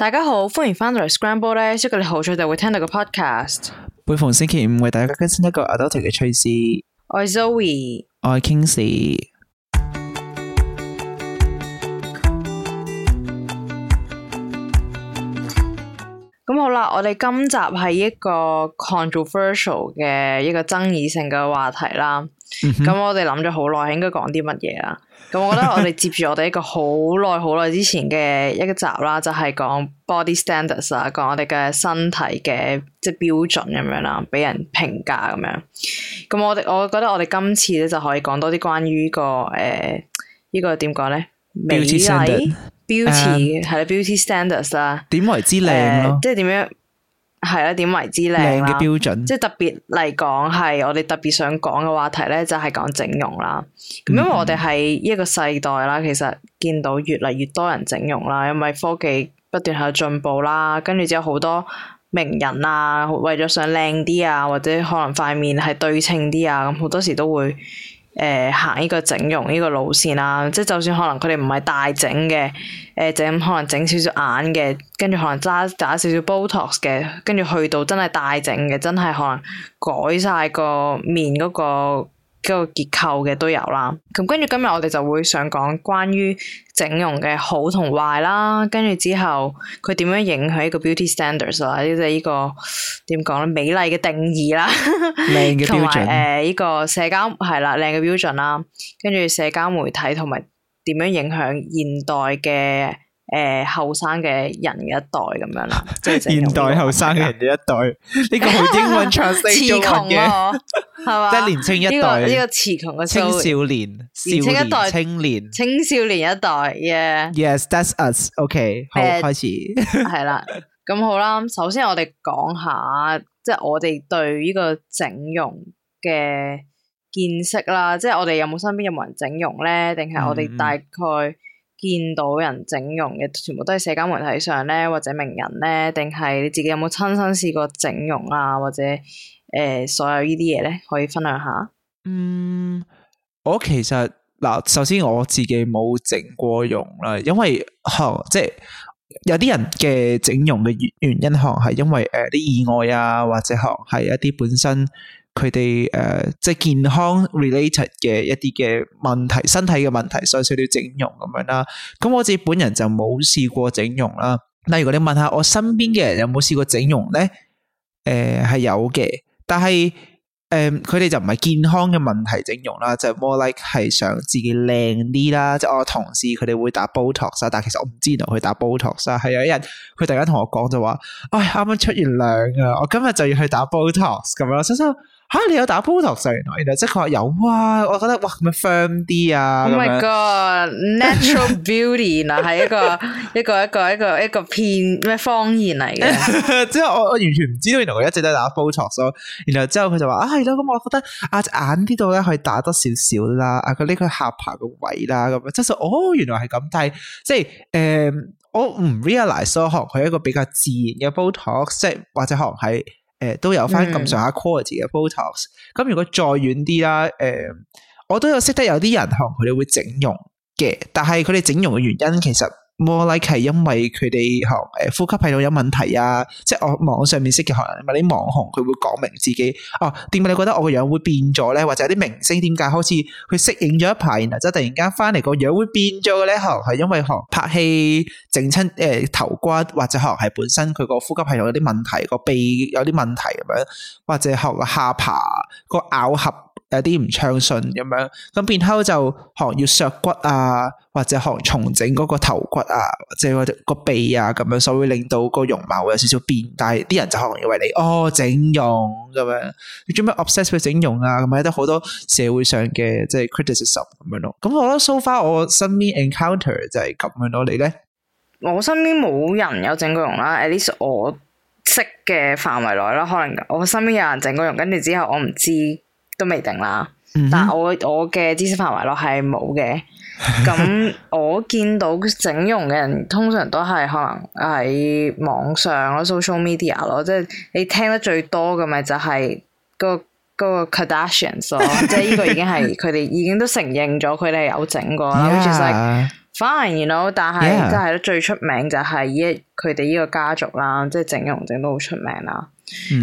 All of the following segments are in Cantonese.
大家好，歡迎翻到嚟 Scramble 咧，小吉你好彩就會聽到個 podcast，每逢星期五為大家更新一個 adult 嘅趣事。我係 Zoe，我係 Kingsley 咁 好啦，我哋今集係一個 controversial 嘅一個爭議性嘅話題啦。咁、嗯、我哋諗咗好耐，應該講啲乜嘢啦？咁 我覺得我哋接住我哋一個好耐好耐之前嘅一個集啦，就係、是、講 body standards 啊，講我哋嘅身體嘅即係標準咁樣啦，俾人評價咁樣。咁我哋我覺得我哋今次咧就可以講多啲關於、這個誒、呃這個、呢個點講咧，美麗 beauty 係啦，beauty standards 啦，點為之靚、呃、即係點樣？係啦，點為之靚啦？靚嘅標準，即係特別嚟講，係我哋特別想講嘅話題咧，就係講整容啦。咁、嗯、因為我哋係呢一個世代啦，其實見到越嚟越多人整容啦，因為科技不斷喺度進步啦，跟住之後好多名人啊，為咗想靚啲啊，或者可能塊面係對稱啲啊，咁好多時都會。誒行呢個整容呢，這個路線啦，啊，即係就算可能佢哋唔係大整嘅，誒，呃，整可能整少少眼嘅，跟住可能揸打少少 Botox 嘅，跟住去到真係大整嘅，真係可能改晒個面嗰，那個，個結構嘅都有啦，咁跟住今日我哋就會想講關於整容嘅好同壞啦，跟住之後佢點樣影響一個 beauty standards 啦，即係呢個點講呢，美麗嘅定義啦，同埋誒呢個社交係啦，靚嘅標準啦，跟住社交媒體同埋點樣影響現代嘅。誒，後生嘅人嘅一代咁樣啦 現代後生嘅人嘅一代，呢 個英文唱詞窮嘅，係嘛？ 即係年青一代呢、這個詞窮嘅青少年，年輕一代青年，青少年一代 y、yeah. e yes，that's us，ok，、okay. 好 Bad. 開始，係 啦，咁好啦，首先我哋講下，即、就、係、是、我哋對呢個整容嘅見識啦，即、就、係、是、我哋有冇身邊有冇人整容咧？定係我哋大概、嗯？見到人整容嘅全部都係社交媒體上咧，或者名人咧，定係你自己有冇親身試過整容啊？或者誒、呃，所有呢啲嘢咧，可以分享下？嗯，我其實嗱，首先我自己冇整過容啦，因為學即係有啲人嘅整容嘅原因可能係因為誒啲、呃、意外啊，或者學係一啲本身。佢哋誒即係健康 related 嘅一啲嘅問題，身體嘅問題，所以需要整容咁樣啦。咁我自己本人就冇試過整容啦。例如果你問下我身邊嘅人有冇試過整容咧？誒、呃、係有嘅，但係誒佢哋就唔係健康嘅問題整容啦，就是、more like 係想自己靚啲啦。即係我同事佢哋會打 Botox、啊、但係其實我唔知道佢打 Botox、啊。有一日佢突然間同我講就話：唉啱啱出完糧啊，我今日就要去打 Botox 咁、啊、樣。所以。吓、啊、你有打 Botox，原來，然後即係佢話有哇、啊，我覺得哇咁樣 firm 啲啊。Oh my god，natural beauty 嗱係 一個 一個一個一個一個片咩方言嚟嘅。之後我我完全唔知道原來佢一直都打 Botox 咯。然後之後佢就話啊係咯，咁我覺得啊隻眼呢度咧可以打多少少啦，啊佢呢、這個下巴個位啦咁樣，即係哦原來係咁，但係即係誒、嗯、我唔 realize 嗰佢係一個比較自然嘅 Botox，或者行係。誒、呃，都有翻咁上下 quality 嘅 photos，咁如果再遠啲啦，誒、呃，我都有識得有啲人可能佢哋會整容嘅，但係佢哋整容嘅原因其實。莫禮琪，因為佢哋好似誒呼吸系統有問題啊，即係我網上面識嘅可能咪啲網紅佢會講明自己哦，啊、點解你覺得我個樣會變咗咧？或者有啲明星點解好似佢適應咗一排，然後即突然間翻嚟個樣會變咗嘅咧？可能係因為好似拍戲整親誒頭骨，或者可能係本身佢個呼吸系統有啲問題，個鼻有啲問題咁樣，或者可能個下巴個咬合。有啲唔暢順咁樣，咁變後就可能要削骨啊，或者學重整嗰個頭骨啊，或者個鼻啊咁樣，所以會令到個容貌會有少少變。但啲人就可能以為你哦整容咁樣，你做咩 obsess 去整容啊？咁咪得好多社會上嘅即係 criticism 咁樣咯。咁我覺得 so far 我身邊 encounter 就係咁樣咯。你咧，我身邊冇人有整過容啦，at least 我識嘅範圍內啦。可能我身邊有人整過容，跟住之後我唔知。都未定啦，嗯、但我我嘅知識範圍咯係冇嘅，咁我見到整容嘅人通常都係可能喺網上咯、social media 咯，即係你聽得最多嘅咪就係嗰嗰個 Kardashians、那個、 即係呢個已經係佢哋已經都承認咗佢哋有整過啦，Yeah. 反而然咯，但係真係最出名就係依佢哋呢個家族啦，即係整容整都好出名啦。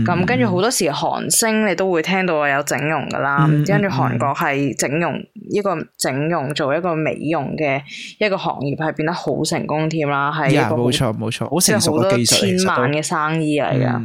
咁跟住好多時韓星你都會聽到有整容噶啦，跟住、mm hmm. 韓國係整容一個整容做一個美容嘅一個行業係變得好成功添啦。係 Yeah, 啊，冇錯冇錯，好成熟嘅技術，好多千萬嘅生意嚟噶。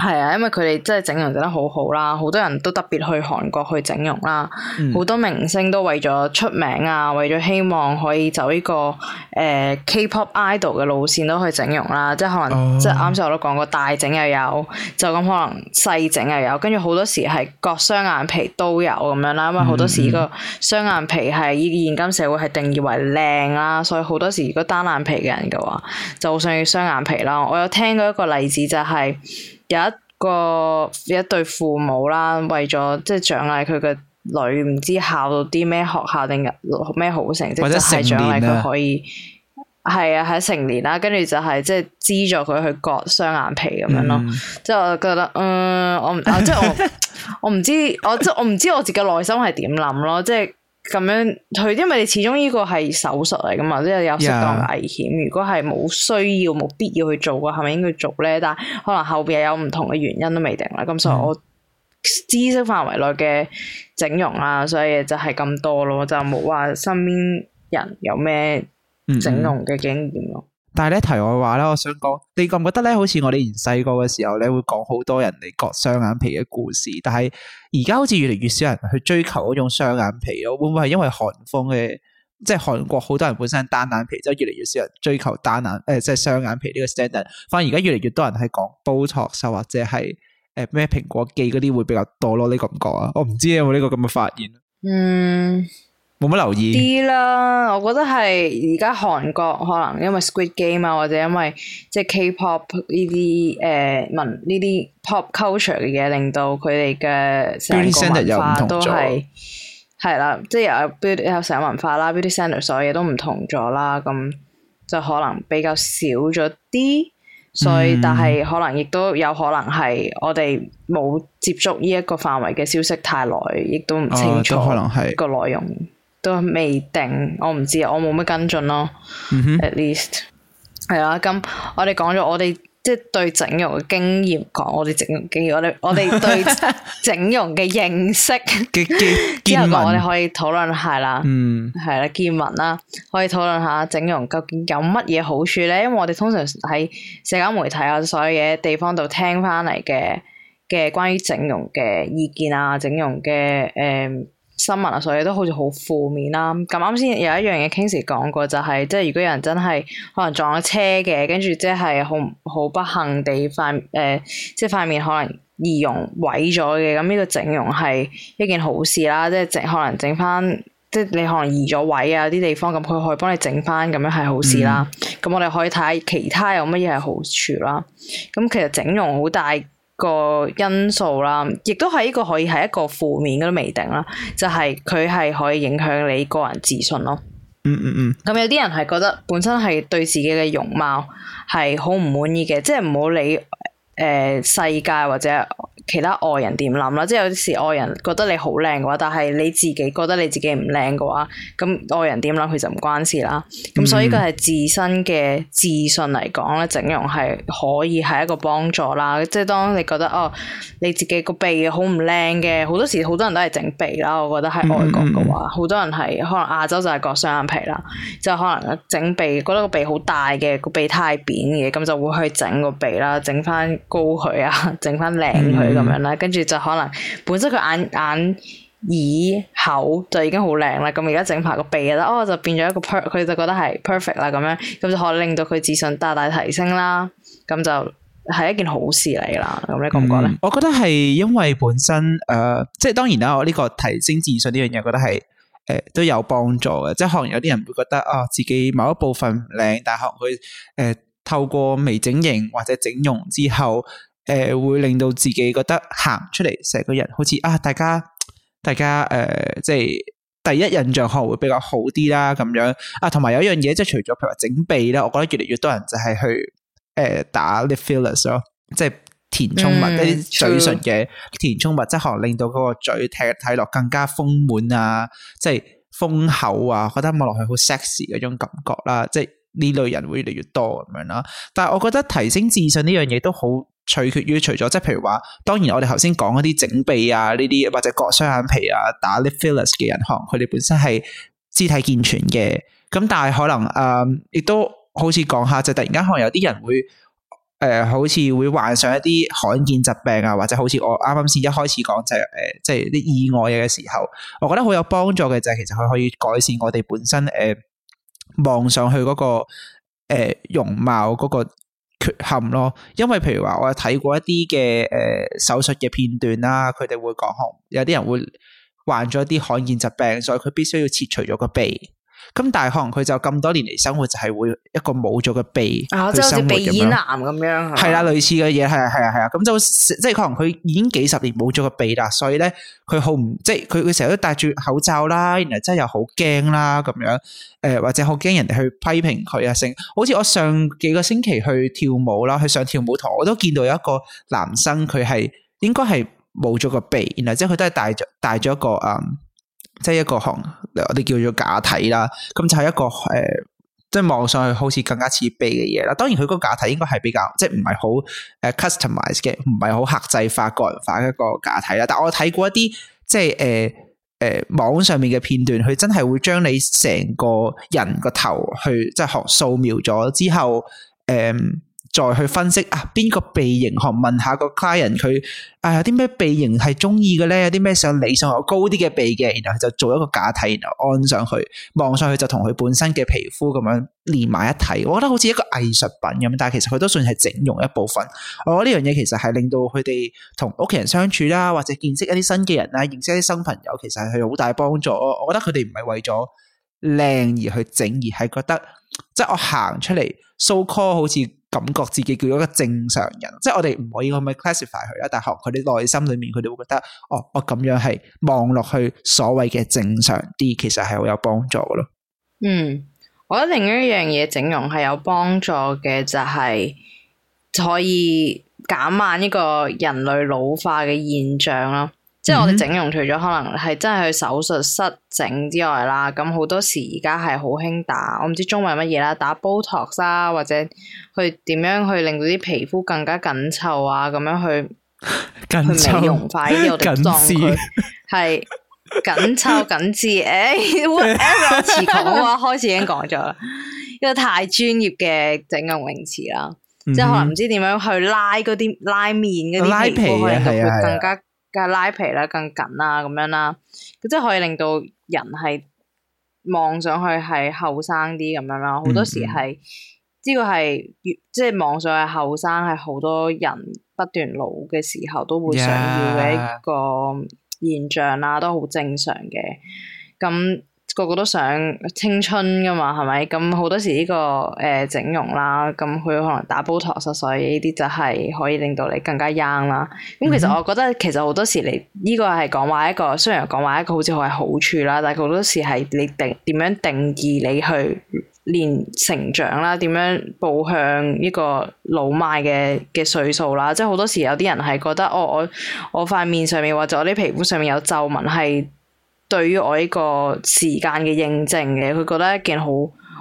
係啊，因為佢哋真係整容整得好好啦，好多人都特別去韓國去整容啦，好、嗯、多明星都為咗出名啊，為咗希望可以走呢、呢個誒、呃、K-pop idol 嘅路線都去整容啦，即係可能即係啱先我都講過大整又有，就咁可能細整又有，跟住好多時係割雙眼皮都有咁樣啦，因為好多時呢個雙眼皮係依現今社會係定義為靚啦，所以好多時如果單眼皮嘅人嘅話就好想要雙眼皮啦。我有聽過一個例子就係、是。有一個有一對父母啦，為咗即係獎勵佢嘅女，唔知考到啲咩學校定咩好成績，或者獎勵佢可以，係啊，喺成年啦，跟住就係、是、即係資助佢去割雙眼皮咁樣咯。嗯、即係我覺得，嗯，我即係我 我唔知，我即係我唔知我自己內心係點諗咯，即係。咁樣佢，因為你始終呢個係手術嚟噶嘛，即係有適當危險。Yeah. 如果係冇需要，冇必要去做嘅，係咪應該做咧？但係可能後邊有唔同嘅原因都未定啦。咁所以我知識範圍內嘅整容啦，所以就係咁多咯，就冇話身邊人有咩整容嘅經驗咯。Mm hmm. 但係咧，題外話咧，我想講，你覺唔覺得咧，好似我哋以前細個嘅時候咧，會講好多人嚟割雙眼皮嘅故事，但係而家好似越嚟越少人去追求嗰種雙眼皮咯，會唔會係因為韓風嘅，即係韓國好多人本身單眼皮，即係越嚟越少人追求單眼，誒、呃，即係雙眼皮呢個 standard，反而而家越嚟越多人係講 Botox 或者係誒咩蘋果肌嗰啲會比較多咯，你覺唔覺啊？我唔知有冇呢個咁嘅發現。嗯。冇乜留意啲啦，我覺得係而家韓國可能因為 Squid Game 啊，或者因為即係 K-pop 呢啲誒、呃、文呢啲 pop culture 嘅嘢，令到佢哋嘅成文化都係係啦，即係又有 Beauty 成文化啦 ，Beauty Centre 所有嘢都唔同咗啦，咁就可能比較少咗啲，所以、嗯、但係可能亦都有可能係我哋冇接觸呢一個範圍嘅消息太耐，亦都唔清楚、哦、可能係個內容。都未定，我唔知我冇乜跟進咯。Mm hmm. At least 係啦，咁我哋講咗，我哋即係對整容嘅經驗講，我哋整容經驗， 我哋我哋對整容嘅認識之後 我哋可以討論下啦。嗯，係啦，見聞啦，可以討論下整容究竟有乜嘢好處咧？因為我哋通常喺社交媒體啊，所有嘢地方度聽翻嚟嘅嘅關於整容嘅意見啊，整容嘅誒。呃新聞啊，所以都好似好負面啦，啊。咁啱先有一樣嘢，Kingsley 講過就係、是，即係如果有人真係可能撞咗車嘅，跟住即係好好不幸地塊誒、呃，即係塊面可能儀容毀咗嘅。咁呢個整容係一件好事啦，即係整可能整翻，即係你可能移咗位啊啲地方，咁佢可以幫你整翻，咁樣係好事啦。咁、嗯、我哋可以睇下其他有乜嘢係好處啦。咁其實整容好大。個因素啦，亦都係呢個可以係一個負面嘅都未定啦，就係佢係可以影響你個人自信咯。嗯嗯嗯。咁有啲人係覺得本身係對自己嘅容貌係好唔滿意嘅，即係唔好理誒、呃、世界或者。其他外人點諗啦？即係有時外人覺得你好靚嘅話，但係你自己覺得你自己唔靚嘅話，咁外人點諗佢就唔關事啦。咁所以佢係自身嘅自信嚟講咧，整容係可以係一個幫助啦。即係當你覺得哦，你自己個鼻好唔靚嘅，好多時好多人都係整鼻啦。我覺得喺外國嘅話，好、嗯嗯嗯、多人係可能亞洲就係割雙眼皮啦，就可能整鼻覺得個鼻好大嘅，個鼻太扁嘅，咁就會去整個鼻啦，整翻高佢啊，整翻靚佢。嗯嗯咁樣啦，嗯、跟住就可能本身佢眼、眼、耳、口就已經好靚啦。咁而家整排個鼻咧，哦就變咗一個 per 佢就覺得係 perfect 啦。咁樣咁就可以令到佢自信大大提升啦。咁就係一件好事嚟啦。咁你覺唔覺得？我覺得係因為本身誒、呃，即係當然啦。我呢個提升自信呢樣嘢，覺得係誒、呃、都有幫助嘅。即係可能有啲人會覺得啊、呃，自己某一部分靚，但係佢誒透過微整形或者整容之後。誒，會令到自己覺得行出嚟成個人好似啊，大家大家誒、呃，即係第一印象可能會比較好啲啦，咁樣啊，同埋有一樣嘢即係除咗譬如話整鼻啦，我覺得越嚟越多人就係去誒、呃、打 lip fillers 咯，即係填充物一啲、mm, true. 嘴唇嘅填充物，即可能令到嗰個嘴睇睇落更加豐滿啊，即係豐厚啊，覺得望落去好 sexy 嗰種感覺啦，即係呢類人會越嚟越多咁樣啦。但係我覺得提升自信呢樣嘢都好。取決於除咗即係譬如話，當然我哋頭先講嗰啲整鼻啊，呢啲或者割雙眼皮啊，打 lift fillers 嘅人行，佢哋本身係肢體健全嘅。咁但係可能誒，亦、呃、都好似講下，就突然間可能有啲人會誒、呃，好似會患上一啲罕見疾病啊，或者好似我啱啱先一開始講就誒、係，即係啲意外嘢嘅時候，我覺得好有幫助嘅就係其實佢可以改善我哋本身誒、呃、望上去嗰、嗰個、呃、容貌嗰、嗰個缺陷咯，因為譬如話我有睇過一啲嘅誒手術嘅片段啦，佢哋會講，有啲人會患咗一啲罕見疾病，所以佢必須要切除咗個鼻。咁但係可能佢就咁多年嚟，生活就係會一個冇咗個鼻，即係好似鼻咽癌咁樣。係啦，類似嘅嘢係啊，係啊，係啊。咁就即係可能佢已經幾十年冇咗個鼻啦，所以咧佢好唔即係佢佢成日都戴住口罩啦，然後真係又好驚啦咁樣。誒、呃、或者好驚人哋去批評佢啊，成，好似我上幾個星期去跳舞啦，去上跳舞堂，我都見到有一個男生佢係應該係冇咗個鼻，然後即係佢都係戴咗戴住一個，一個嗯，即係一個項。嗯我哋叫做假體啦，咁就係一個誒，即係望上去好似更加自卑嘅嘢啦。當然佢嗰個假體應該係比較即係唔係好誒 customise 嘅，唔係好客製化個人化一個假體啦。但係我睇過一啲即係誒誒網上面嘅片段，佢真係會將你成個人個頭去即係學掃描咗之後誒。呃再去分析啊，邊個鼻型，學問下個 client 佢誒，有啲咩鼻型係中意嘅咧？有啲咩想理想又高啲嘅鼻嘅，然後就做一個假體，然後安上去，望上去就同佢本身嘅皮膚咁樣連埋一體，我覺得好似一個藝術品咁。但係其實佢都算係整容一部分。我諗呢樣嘢其實係令到佢哋同屋企人相處啦，或者見識一啲新嘅人啊，認識一啲新朋友，其實係好大幫助。我我覺得佢哋唔係為咗靚而去整，而係覺得即係我行出嚟，so call 好似。感覺自己叫一個正常人，即係我哋唔可以咁樣 classify 佢啦。但係佢哋內心裏面，佢哋會覺得哦，我咁樣係望落去所謂嘅正常啲，其實係好有幫助咯。嗯，我覺得另一樣嘢整容係有幫助嘅，就係可以減慢呢個人類老化嘅現象咯。嗯、即係我哋整容，除咗可能係真係去手術室整之外啦，咁好多時而家係好興打，我唔知中文係乜嘢啦，打 Botox，或者去點樣去令到啲皮膚更加緊湊啊，咁樣去臭去美容快啲我哋叫壯佢，係緊湊緊緻。誒 whatever 開始已經講咗啦，一個太專業嘅整容用詞啦，嗯、即係可能唔知點樣去拉嗰啲拉麵嗰啲皮係、啊、會更加。 嘅拉皮啦，更緊啦、啊，咁樣啦，即係可以令到人係望上去係後生啲咁樣啦。好多時係呢個係即係望上去後生，係、hmm. 好多人不斷老嘅時候都會想要嘅一個現象啦，Yeah. 都好正常嘅咁。個個都想青春噶嘛，係咪？咁好多時呢、這個誒、呃、整容啦，咁佢可能打 Botox，所以呢啲就係可以令到你更加 young 啦。咁、嗯、哼其實我覺得其實好多時你呢個係講話一個，雖然講話一個好似係好處啦，但係好多時係你定點樣定義你去練成長啦，點樣步向呢個老邁嘅嘅歲數啦？即係好多時有啲人係覺得哦，我我塊面上面或者我啲皮膚上面有皺紋係。對於我呢個時間嘅認證嘅，佢覺得一件好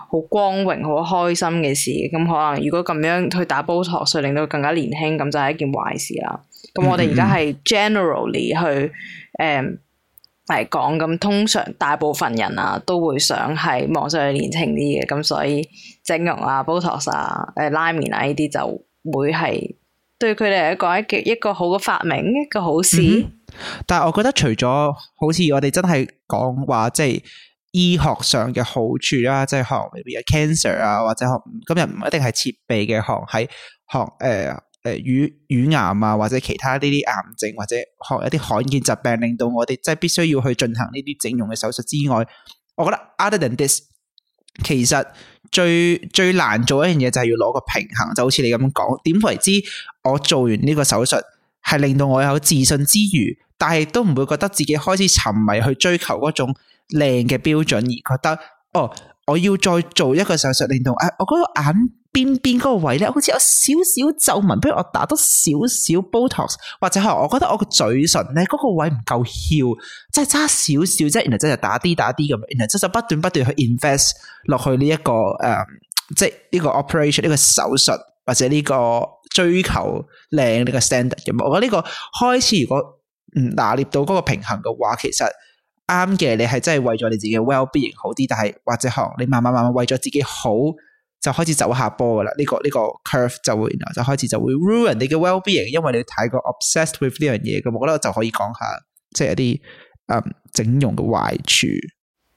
好光榮、好開心嘅事。咁可能如果咁樣去打 Botox 令到佢更加年輕，咁就係一件壞事啦。咁、嗯、哼我哋而家係 generally 去誒嚟講，咁、呃、通常大部分人啊都會想係望上去年輕啲嘅。咁所以整容啊、Botox 啊、誒、呃、拉面啊呢啲就會係對佢哋嚟講一個，一個，一個好嘅發明，一個好事。嗯但係，我覺得除咗好似我哋真係講話，即係醫學上嘅好處啦，即係學譬如有 cancer 啊，或者學今日唔一定係設備嘅學，喺，學誒誒乳乳癌啊，或者其他呢啲癌症或者學一啲罕見疾病，令到我哋即係必須要去進行呢啲整容嘅手術之外，我覺得 other than this，其實最最難做一樣嘢就係要攞個平衡，就好似你咁樣講，點為之？我做完呢個手術。係令到我有自信之餘，但係都唔會覺得自己開始沉迷去追求嗰種靚嘅標準，而覺得哦，我要再做一個手術，令到誒，我嗰個眼邊邊嗰個位咧，好似有少少皺紋，不如我打多少少 Botox，或者係我覺得我個嘴唇咧嗰個位唔夠翹，即係差少少啫，然後即係打啲打啲咁，然後即係不斷不斷去 invest 落去呢一個誒，即係呢個 operation 呢個手術或者呢個追求靚呢個 standard 嘅，我覺得呢個開始如果唔拿捏到嗰個平衡嘅話，其實啱嘅，你係真係為咗你自己嘅 wellbeing 好啲，但係或者行你慢慢慢慢為咗自己好就開始走下坡噶啦，呢個呢個 curve 就會就開始就會 ruin 你嘅 wellbeing，因為你太過 obsessed with 呢樣嘢嘅，我覺得我就可以講下即係一啲誒、嗯、整容嘅壞、嗯、壞處。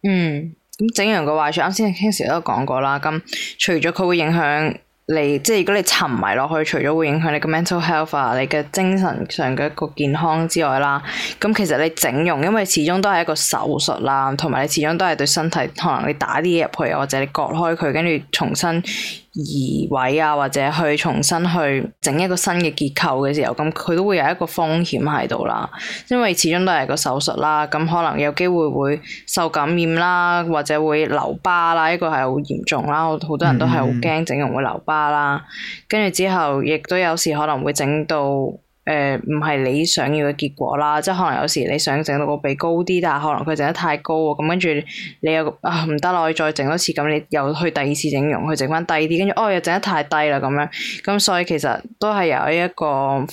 嗯，咁整容嘅壞處啱先 Kingsley 都講過啦，咁除咗佢會影響。你即係如果你沉迷落去，除咗會影響你嘅 mental health 啊，你嘅精神上嘅一個健康之外啦，咁其實你整容，因為始終都係一個手術啦，同埋你始終都係對身體，可能你打啲嘢入去，或者你割開佢，跟住重新移位啊，或者去重新去整一個新嘅結構嘅時候，咁佢都會有一個風險喺度啦。因為始終都係一個手術啦，咁可能有機會會受感染啦，或者會留疤啦，呢、這個係好嚴重啦。好多人都係好驚整容會留疤啦，跟住、嗯嗯、之後，亦都有時可能會整到。誒唔係你想要嘅結果啦，即係可能有時你想整到個鼻高啲，但係可能佢整得太高喎、啊，咁跟住你又啊唔得啦，要、呃、再整多次，咁你又去第二次整容去整翻低啲，跟住哦又整得太低啦咁樣，咁所以其實都係有一個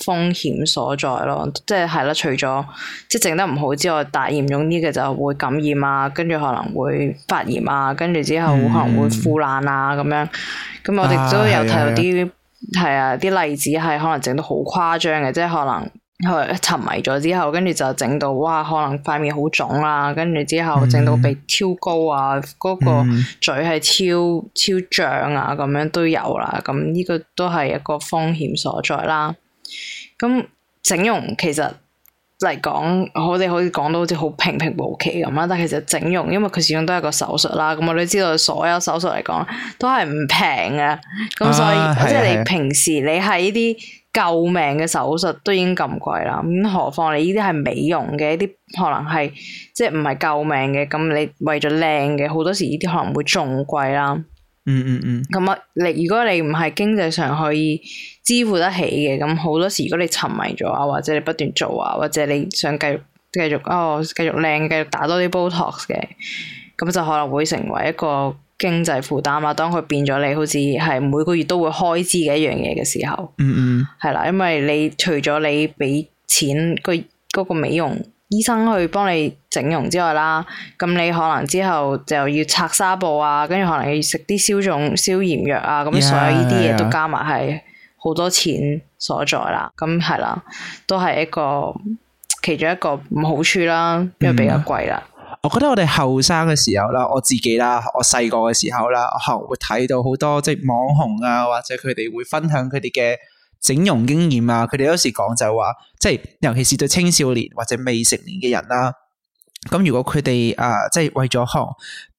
風險所在咯，即係係啦，除咗即係整得唔好之外，大嚴重啲嘅就會感染啊，跟住可能會發炎啊，跟住之後可能會腐爛啊咁樣，咁我哋都有睇到啲、啊。啊啊啊啊。係啊，啲例子係可能整到好誇張嘅，即係可能佢沉迷咗之後，跟住就整到哇，可能塊面好腫啦，跟住之後整到鼻超高啊，嗰、嗯、個嘴係超超脹啊，咁樣都有啦。咁呢個都係一個風險所在啦。咁整容其實。嚟講，我哋可以講到好似好平平無奇咁啦。但其實整容，因為佢始終都係個手術啦。咁我哋知道，所有手術嚟講都係唔平嘅。咁所以，啊、即係你平時是的 你喺呢啲救命嘅手術都已經咁貴啦。咁何況你呢啲係美容嘅一啲，可能係即係唔係救命嘅。咁你為咗靚嘅，好多時呢啲可能會仲貴啦。嗯嗯嗯。咁啊，你如果你唔係經濟上可以，支付得起嘅，咁，好多時，如果你沉迷咗啊，或者你不斷做啊，或者你想繼續繼續，哦繼續靚，繼續打多啲 Botox 嘅，咁就可能會成為一個經濟負擔啦。當佢變咗，你好似係每個月都會開支嘅一樣嘢嘅時候，嗯嗯，係啦，因為你除咗你俾錢個嗰個美容醫生去幫你整容之外啦，咁你可能之後就要拆紗布啊，跟住可能要食啲消腫消炎藥啊，咁所有呢啲嘢都加埋係。Yeah, yeah, yeah. 好多錢所在啦，咁係啦，都係一個其中一個唔好處啦，因為比較貴啦、嗯。我覺得我哋後生嘅時候啦，我自己啦，我細個嘅時候啦，我會睇到好多即係網紅啊，或者佢哋會分享佢哋嘅整容經驗啊，佢哋有時講就話、是，即係尤其是對青少年或者未成年嘅人啦、啊。咁如果佢哋誒，即係為咗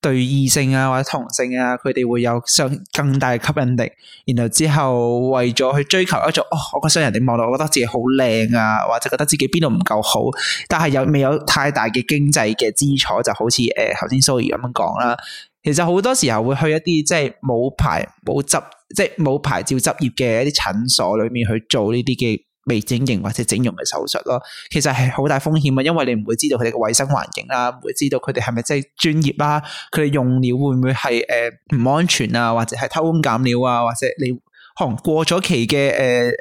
對異性啊或者同性啊，佢哋會有上更大嘅吸引力，然後之後為咗去追求一種哦，我個衰人哋望落，我覺得自己好靚啊，或者覺得自己邊度唔夠好，但係又未有太大嘅經濟嘅基礎，就好似誒頭先 Zoe 咁樣講啦。其實好多時候會去一啲即係冇牌冇執，即係冇牌照執業嘅一啲診所裏面去做呢啲嘅。微整形或者整容嘅手術咯，其實係好大風險啊！因為你唔會知道佢哋嘅衛生環境啦，唔會知道佢哋係咪真係專業啦，佢哋用料會唔會係誒唔安全啊，或者係偷工減料啊，或者你可能過咗期嘅誒誒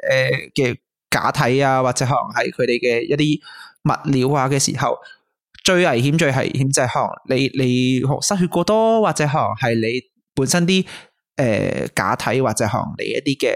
嘅假體啊，或者可能係佢哋嘅一啲物料啊嘅時候，最危險最危險就係可能你你失血過多，或者可能係你本身啲誒、呃、假體或者可能你一啲嘅誒，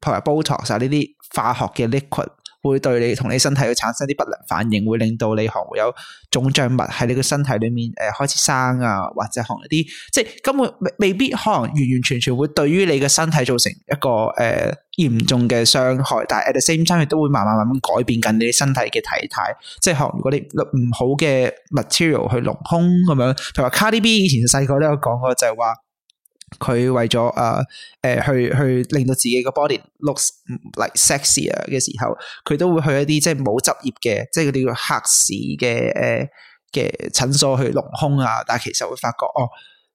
譬如話 Botox 就呢啲。化學嘅 liquid 會對你同你身體要產生啲不良反應，會令到你可能會有腫脹物喺你個身體裏面誒開始生啊，或者可能一啲即係根本未必可能完完全全會對於你嘅身體造成一個誒、呃、嚴重嘅傷害，但係 at the same time 亦都會慢慢慢慢改變緊你身體嘅體態，即係如果你唔好嘅 material 去隆胸咁樣，譬如話 Cardi B 以前細個都有講過就係話。佢為咗誒誒去去令到自己個 body looks like sexier 嘅時候，佢都會去一啲即係冇執業嘅，即係嗰啲叫黑市嘅誒嘅診所去隆胸啊。但係其實會發覺哦，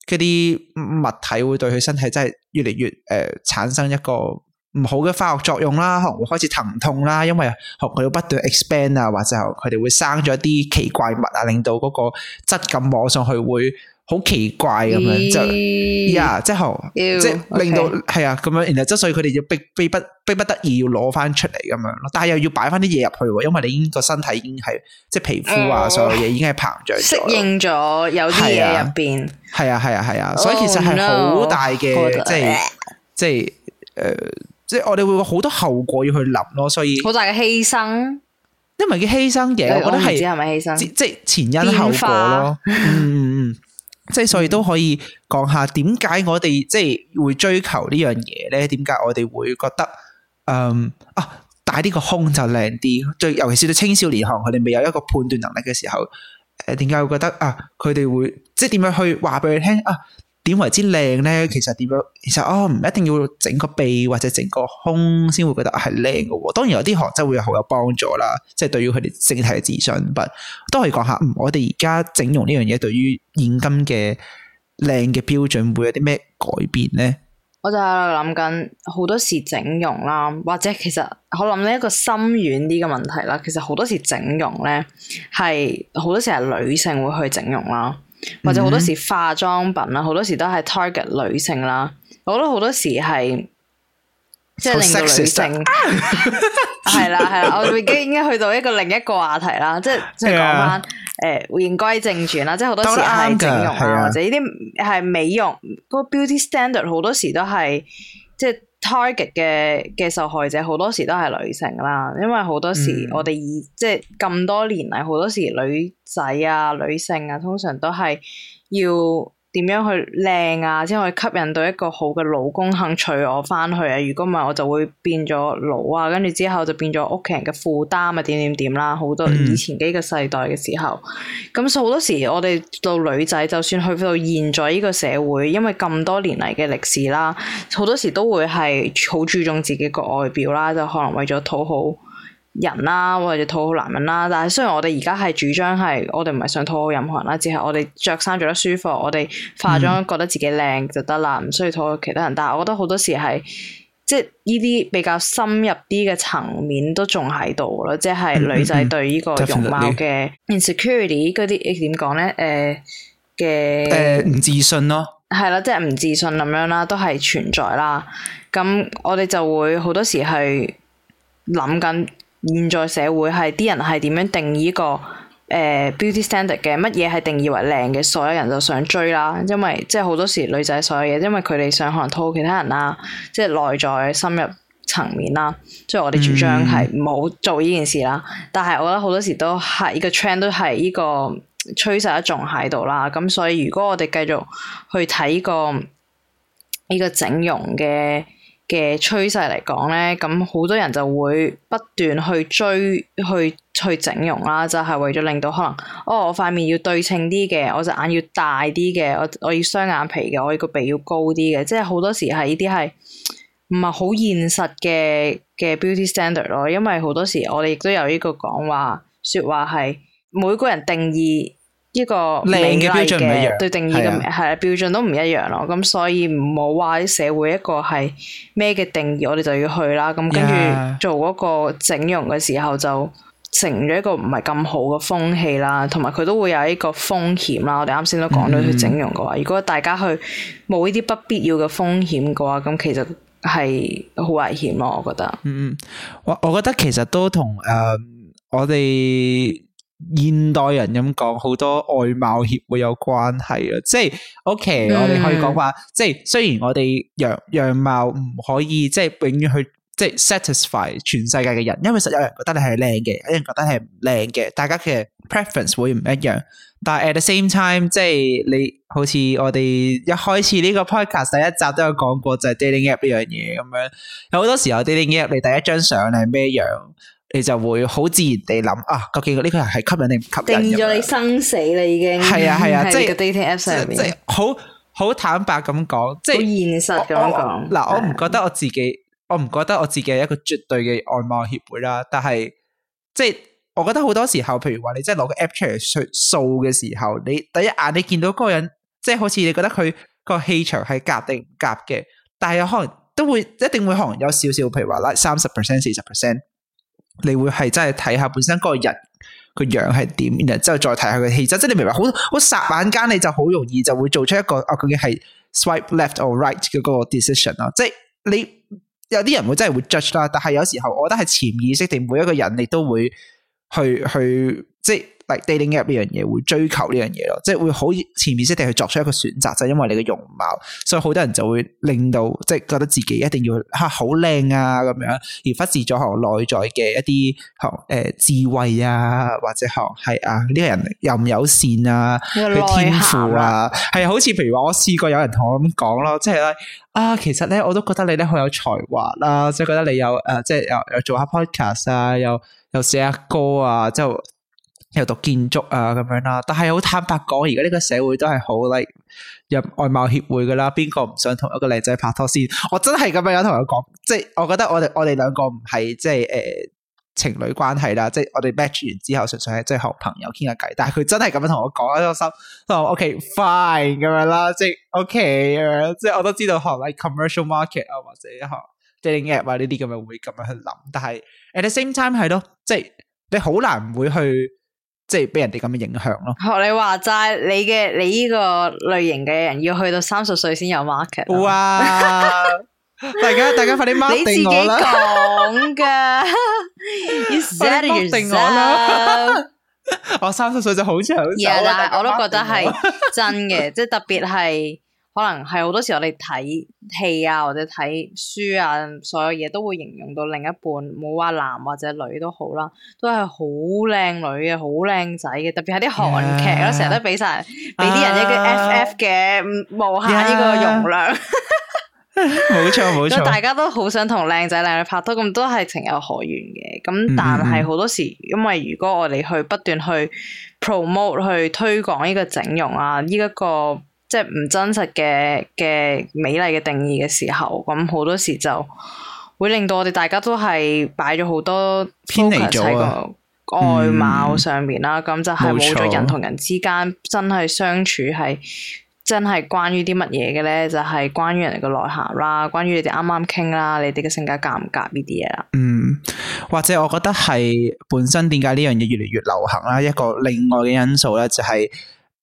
嗰啲物體會對佢身體真係越嚟越誒、呃、產生一個唔好嘅化學作用啦，可能會開始疼痛啦，因為殼佢不斷 expand 啊，或者佢哋會生咗一啲奇怪物啊，令到嗰個質感摸上去會。好奇怪咁樣就，呀，即係即係令到係啊咁樣，然後即係所以佢哋要逼逼不逼不得已要攞翻出嚟咁樣咯，但係又要擺翻啲嘢入去，因為你已經個身體已經係即係皮膚啊，所有嘢已經係膨脹，適應咗有啲嘢入邊，係啊係啊係啊，所以其實係好大嘅即係即係誒，即係我哋會好多後果要去諗咯，所以好大嘅犧牲，因為嘅犧牲嘅，我覺得係係咪犧牲即係前因後果咯，嗯嗯嗯。即係所以都可以講下點解我哋即係會追求呢樣嘢咧？點解我哋會覺得嗯啊大呢個胸就靚啲？最尤其是對青少年行，佢哋未有一個判斷能力嘅時候，誒點解會覺得啊？佢哋會即係點樣去話俾佢聽啊？點為之靚咧？其實點樣？其實哦，唔一定要整個鼻或者整個胸先會覺得係靚嘅。當然有啲汗汁會有好有幫助啦。即係對於佢哋整體嘅自信，不都可以講下，嗯。我哋而家整容呢樣嘢，對於現今嘅靚嘅標準，會有啲咩改變咧？我就諗緊好多時整容啦，或者其實我諗呢一個深遠啲嘅問題啦。其實好多時整容咧，係好多時係女性會去整容啦。或者好多時化妝品啦，好多時都係 target 女性啦。我覺得好多時係即係令到女性係啦係啦，我哋已經應該去到一個另一個話題啦。即係即係講翻，誒，言歸、嗯欸、正傳啦。即係好多時係整容啊，或者呢啲係美容嗰、那個 beauty standard 好多時都係即係。就是 target 嘅嘅受害者好多時都係女性啦，因為好多時、嗯、我哋以即係咁多年嚟，好多時女仔啊、女性啊，通常都係要。點樣去靚啊，先可以吸引到一個好嘅老公肯娶我翻去啊！如果唔係，我就會變咗老啊，跟住之後就變咗屋企人嘅負擔啊，點點點啦，好多以前嘅呢個世代嘅時候，咁所以好多時我哋做到女仔，就算去到現在呢個社會，因為咁多年嚟嘅歷史啦，好多時都會係好注重自己個外表啦，就可能為咗討好。人啦、啊，或者討好男人啦、啊，但係雖然我哋而家係主張係，我哋唔係想討好任何人啦、啊，只係我哋着衫着得舒服，我哋化妝覺得自己靚就得啦，唔、嗯、需要討好其他人。但係我覺得好多時係即係呢啲比較深入啲嘅層面都仲喺度咯，即係女仔對呢個容貌嘅 insecurity 嗰啲你點講咧？誒嘅誒唔自信咯，係啦，即係唔自信咁樣啦、啊，都係存在啦、啊。咁我哋就會好多時係諗緊。現在社會係啲人係點樣定義呢、呢個誒、呃、beauty standard 嘅？乜嘢係定義為靚嘅？所有人就想追啦，因為即係好多時女仔所有嘢，因為佢哋想可能討好其他人啦，即係內在深入層面啦。即係我哋主張係唔好做呢件事啦。嗯、但係我覺得好多時都係呢、這個 trend 都係呢個趨勢一種喺度啦。咁所以如果我哋繼續去睇、呢個呢、呢個整容嘅。嘅趨勢嚟講咧，咁好多人就會不斷去追去去，去整容啦，就係、是、為咗令到可能，哦，我塊面要對稱啲嘅，我隻眼要大啲嘅，我我要雙眼皮嘅，我要個鼻要高啲嘅，即係好多時係呢啲係唔係好現實嘅嘅 beauty standard 咯，因為好多時我哋亦都有呢個講話說話係每個人定義。一個靚嘅標準唔一樣，對定義嘅係是啊，啊，標準都唔一樣咯。咁所以唔好話啲社會一個係咩嘅定義，我哋就要去啦。咁跟住做嗰個整容嘅時候，就成咗一個唔係咁好嘅風氣啦。同埋佢都會有一個風險啦。我哋啱先都講到去整容嘅話，嗯、如果大家去冇呢啲不必要嘅風險嘅話，咁其實係好危險咯。我覺得，嗯，我我覺得其實都同誒、呃、我哋。現代人咁講，好多外貌協會有關係啊！即係，OK，、mm. 我哋可以講話，即係雖然我哋樣樣貌唔可以，即係永遠去，即係 satisfy 全世界嘅人，因為實有人覺得你係靚嘅，有人覺得你係唔靚嘅，大家嘅 preference 會唔一樣。但係 at the same time，即係你，好似我哋一開始呢個 podcast 第一集都有講過，就係、是、dating app 呢樣嘢咁樣。有好多時候 dating app 你第一張相係咩樣？你就會好自然地諗啊，究竟呢個人係吸引定唔吸引？定咗你生死啦，已經係啊係啊，即係 dating app 上即係好好坦白咁講，即、就、係、是、現實咁講。嗱，我唔的覺得我自己，我唔覺得我自己係一個絕對嘅外貌協會啦。但係即係，我覺得好多時候，譬如話你即係攞個 app 出嚟數嘅時候，你第一眼你見到嗰個人，即、就、係、是、好似你覺得佢個氣場係夾定唔夾嘅，但係有可能都會一定會可能有少少，譬如話啦，三十 percent 四十 percent。你會係真係睇下本身嗰個人個樣係點，然之後再睇下佢氣質，即係你明白，好好霎眼間你就好容易就會做出一個啊究竟係 swipe left or right 嘅嗰個 decision 咯、啊。即係你有啲人會真係會 judge 啦，但係有時候我覺得係潛意識地，每一個人你都會去去即係。Like dating app 呢樣嘢會追求呢樣嘢咯，即係會好潛意識地去作出一個選擇，就係、是、因為你嘅容貌，所以好多人就會令到即係覺得自己一定要吓好靚啊咁、啊、樣，而忽視咗行內在嘅一啲行誒智慧啊，或者行係啊呢、這個人又唔友善啊嘅天賦啊，係、啊啊、好似譬如話我試過有人同我咁講咯，即係啊其實咧我都覺得你咧好有才華啦，即係覺得你有誒、呃、即係又又做下 podcast 啊，又又寫下歌啊，之後。又讀建築啊咁樣啦，但係好坦白講，而家呢個社會都係好 like 入外貌協會噶啦，邊個唔想同一個靚仔拍拖先？我真係咁樣樣同佢講，即係我覺得我哋我哋兩個唔係即係誒、呃、情侶關係啦，即係我哋 match 完之後純粹係即係學朋友傾下偈。但係佢真係咁樣同我講，我心諗，OK fine 咁樣啦，即係 OK 咁樣，即係、okay, 我都知道學 like commercial market 啊或者學 dating app 啊呢啲咁樣會咁樣去諗。但係 at the same time 係咯，即係你好難唔會去。即係俾人哋咁嘅影響咯。學你話齋，你嘅你呢個類型嘅人要去到三十歲先有 market 哇。哇 ！大家大家快啲 mark 定我啦。講噶，要 set 定我啦。我三十歲就好似好瘦。而家我都覺得係真嘅， 即係特別係。可能係好多時候我哋睇戲啊，或者睇書啊，所有嘢都會形容到另一半，冇話男或者女都好啦，都係好靚女嘅，好靚仔嘅，特別係啲韓劇啦，成日 Yeah, 都俾晒俾啲人一啲 FF 嘅無限呢個容量。冇錯冇錯，大家都好想同靚仔靚女拍拖，咁都係情有可原嘅。咁但係好多時，mm hmm. 因為如果我哋去不斷去 promote 去推廣呢個整容啊，呢一個。即係唔真實嘅嘅美麗嘅定義嘅時候，咁好多時就會令到我哋大家都係擺咗好多偏離咗個外貌上面啦，咁、嗯、就係冇咗人同人之間真係相處係真係關於啲乜嘢嘅咧？就係、是、關於人哋嘅內涵啦，關於你哋啱啱傾啦，你哋嘅性格夾唔夾呢啲嘢啦？嗯，或者我覺得係本身點解呢樣嘢越嚟越流行啦？一個另外嘅因素咧，就係、是。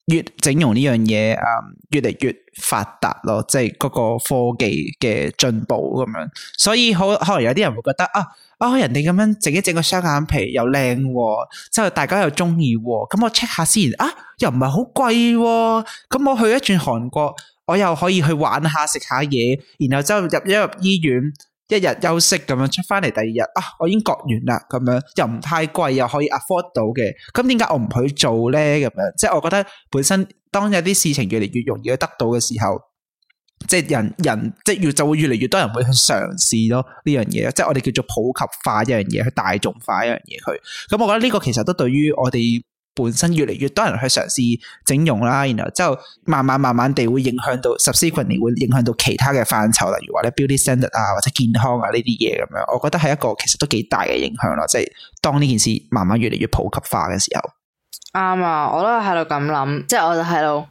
越整容呢樣嘢，嗯，越嚟越發達咯，即係嗰個科技嘅進步咁樣，所以好可能有啲人會覺得啊啊，人哋咁樣整一整個雙眼皮又靚，之後大家又中意，咁我 check 下先啊，又唔係好貴，啊，咁我去一轉韓國，我又可以去玩下食下嘢，然後之後入一入醫院。一日休息咁樣出翻嚟，第二日啊，我已經割完啦，咁樣又唔太貴，又可以 afford 到嘅，咁點解我唔去做呢？咁樣即係我覺得本身當有啲事情越嚟越容易得到嘅時候，即係人人即係越就會越嚟越多人會去嘗試咯呢樣嘢，即係我哋叫做普及化一樣嘢，去大眾化一樣嘢去。咁我覺得呢個其實都對於我哋。本身越嚟越多人去嘗試整容啦，然後之後慢慢慢慢地會影響到 subsequently 會影響到其他嘅範疇，例如話你 beauty centre 啊或者健康啊呢啲嘢咁樣，我覺得係一個其實都幾大嘅影響咯。即係當呢件事慢慢越嚟越普及化嘅時候，啱啊！我都係喺度咁諗，即係我就喺度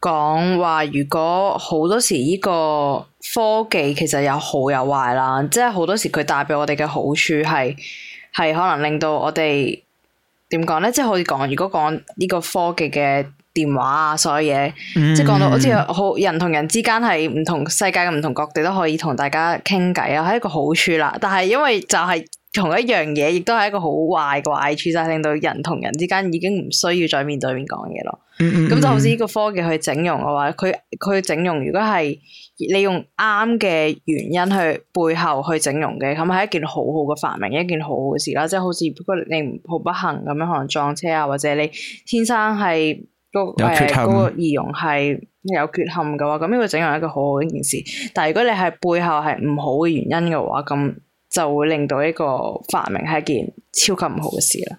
講話，如果好多時呢個科技其實有好有壞啦，即係好多時佢帶俾我哋嘅好處係係可能令到我哋。點講咧？即係可以講，如果講呢個科技嘅電話啊，所有嘢，即係講到，好似好人同人之間係唔同世界嘅，唔同各地都可以同大家傾偈啊，係一個好處啦。但係因為就係同一樣嘢，亦都係一個好壞嘅壞處，就係令到人同人之間已經唔需要再面對面講嘢咯。咁、mm hmm. 就好似呢個科技去整容嘅話，佢佢整容如果係。你用啱嘅原因去背後去整容嘅，咁係一件好好嘅發明，一件好好嘅事啦。即係好似如果你唔好不幸咁樣，可能撞車啊，或者你天生係嗰、嗰個儀容係有缺陷嘅話，咁呢個整容係一個好好嘅一件事。但係如果你係背後係唔好嘅原因嘅話，咁就會令到一個發明係一件超級唔好嘅事啦。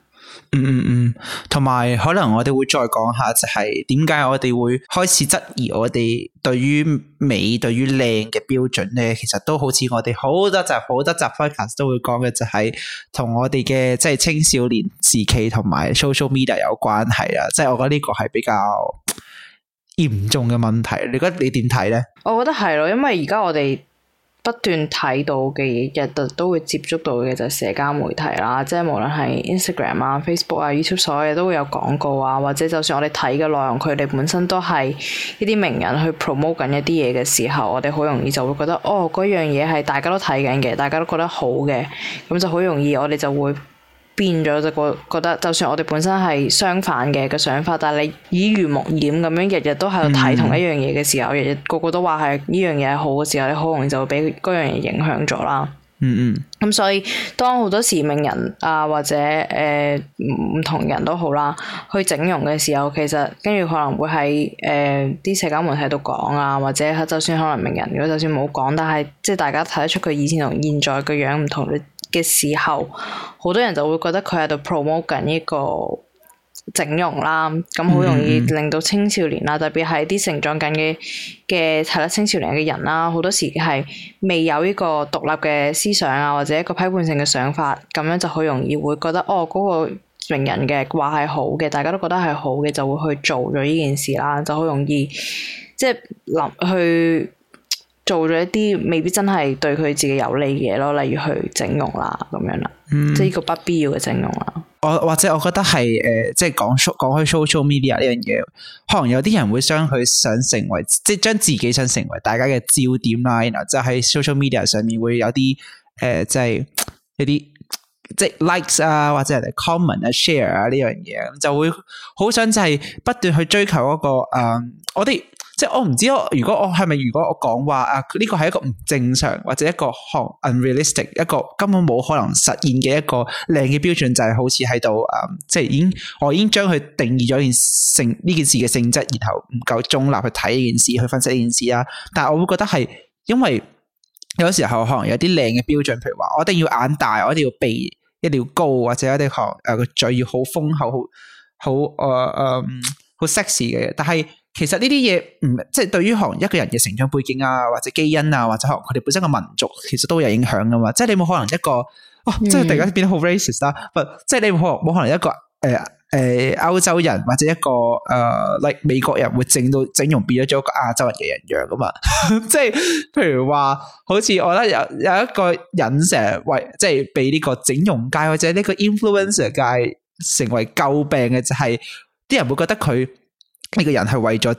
嗯嗯嗯，同埋可能我哋會再講下，就係點解我哋會開始質疑我哋對於美、對於靚嘅標準咧？其實都好似我哋好多集、好多集 focus 都會講嘅，就係同我哋嘅即係青少年時期同埋 social media 有關係啊！即係我覺得呢個係比較嚴重嘅問題。你覺得你點睇咧？我覺得係咯，因為而家我哋。不斷睇到嘅嘢，日日都會接觸到嘅就係社交媒體啦，即係無論係 Instagram 啊、Facebook 啊、YouTube 所有嘢都會有廣告啊，或者就算我哋睇嘅內容，佢哋本身都係一啲名人去 promote 緊一啲嘢嘅時候，我哋好容易就會覺得哦，嗰樣嘢係大家都睇緊嘅，大家都覺得好嘅，咁就好容易我哋就會。變咗就覺覺得，就算我哋本身係相反嘅個想法，但係你耳濡目染咁樣日日都喺度睇同一樣嘢嘅時候，日日個個都話係呢樣嘢好嘅時候，你好容易就會俾嗰樣嘢影響咗啦。嗯嗯，嗯。咁所以當好多時名人啊或者誒唔、呃、同人都好啦，去整容嘅時候，其實跟住可能會喺誒啲社交媒體度講啊，或者就算可能名人，如果就算冇講，但係即係大家睇得出佢以前同現在個樣唔同你。嘅時候，好多人就會覺得佢喺度 promote 緊呢個整容啦，咁好、嗯嗯、容易令到青少年啦，特別係啲成長緊嘅嘅係啦青少年嘅人啦，好多時係未有呢個獨立嘅思想啊，或者一個批判性嘅想法，咁樣就好容易會覺得哦嗰、嗰個名人嘅話係好嘅，大家都覺得係好嘅，就會去做咗呢件事啦，就好容易即係去。做咗一啲未必真係對佢自己有利嘅嘢咯，例如去整容啦咁樣啦，嗯、即係呢個不必要嘅整容啦。我或者我覺得係誒、呃，即係講出講開 social media 呢樣嘢，可能有啲人會想佢想成為，即係將自己想成為大家嘅焦點啦，然後就喺 social media 上面會有啲誒、呃就係，即係一啲即係 likes 啊，或者人哋 comment 啊、share 啊呢樣嘢，就會好想就係不斷去追求嗰、嗰個誒、呃，我啲。即係我唔知我，如果我係咪？如果我講話啊，呢個係一個唔正常或者一個 unrealistic，一個根本冇可能實現嘅一個靚嘅標準，就係好似喺度啊，即係已經我已經將佢定義咗件性呢件事嘅性質，然後唔夠中立去睇呢件事，去分析呢件事啦、啊。但係我會覺得係，因為有時候可能有啲靚嘅標準，譬如話我一定要眼大，我一定要鼻一定要高，或者我哋行誒個嘴要好豐厚，好好誒誒好 sexy 嘅，但係。其實呢啲嘢唔即係對於可能一個人嘅成長背景啊，或者基因啊，或者可能佢哋本身嘅民族，其實都有影響噶嘛。即、就、係、是、你冇可能一個，哇、哦，即係突然間變得好 racist 啦、啊。即係、嗯、你冇可能冇可能一個誒誒歐洲人或者一個誒 like、呃、美國人會整到整容變咗咗一個亞洲人嘅人樣噶嘛。即 係譬如話，好似我覺得有有一個引蛇為，即係俾呢個整容界或者呢個 influencer 界，界成為詬病嘅就係、是，啲人會覺得佢。呢個人係為咗誒、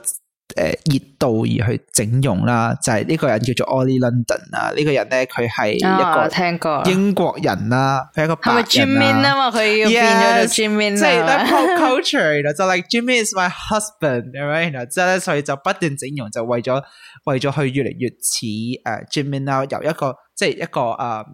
呃、熱度而去整容啦，就係、是、呢個人叫做 Ollie London 啊，呢、這個人咧佢係一個英國人啦、啊，哦、一個白人啦、啊。佢要變咗就 j 即係 pop culture，就 you know, like Jimmy is my husband，r、right? i g 即係所以就不斷整容，就為咗為咗去越嚟越似誒、uh, Jimmy now，由一個即係一個誒。Um,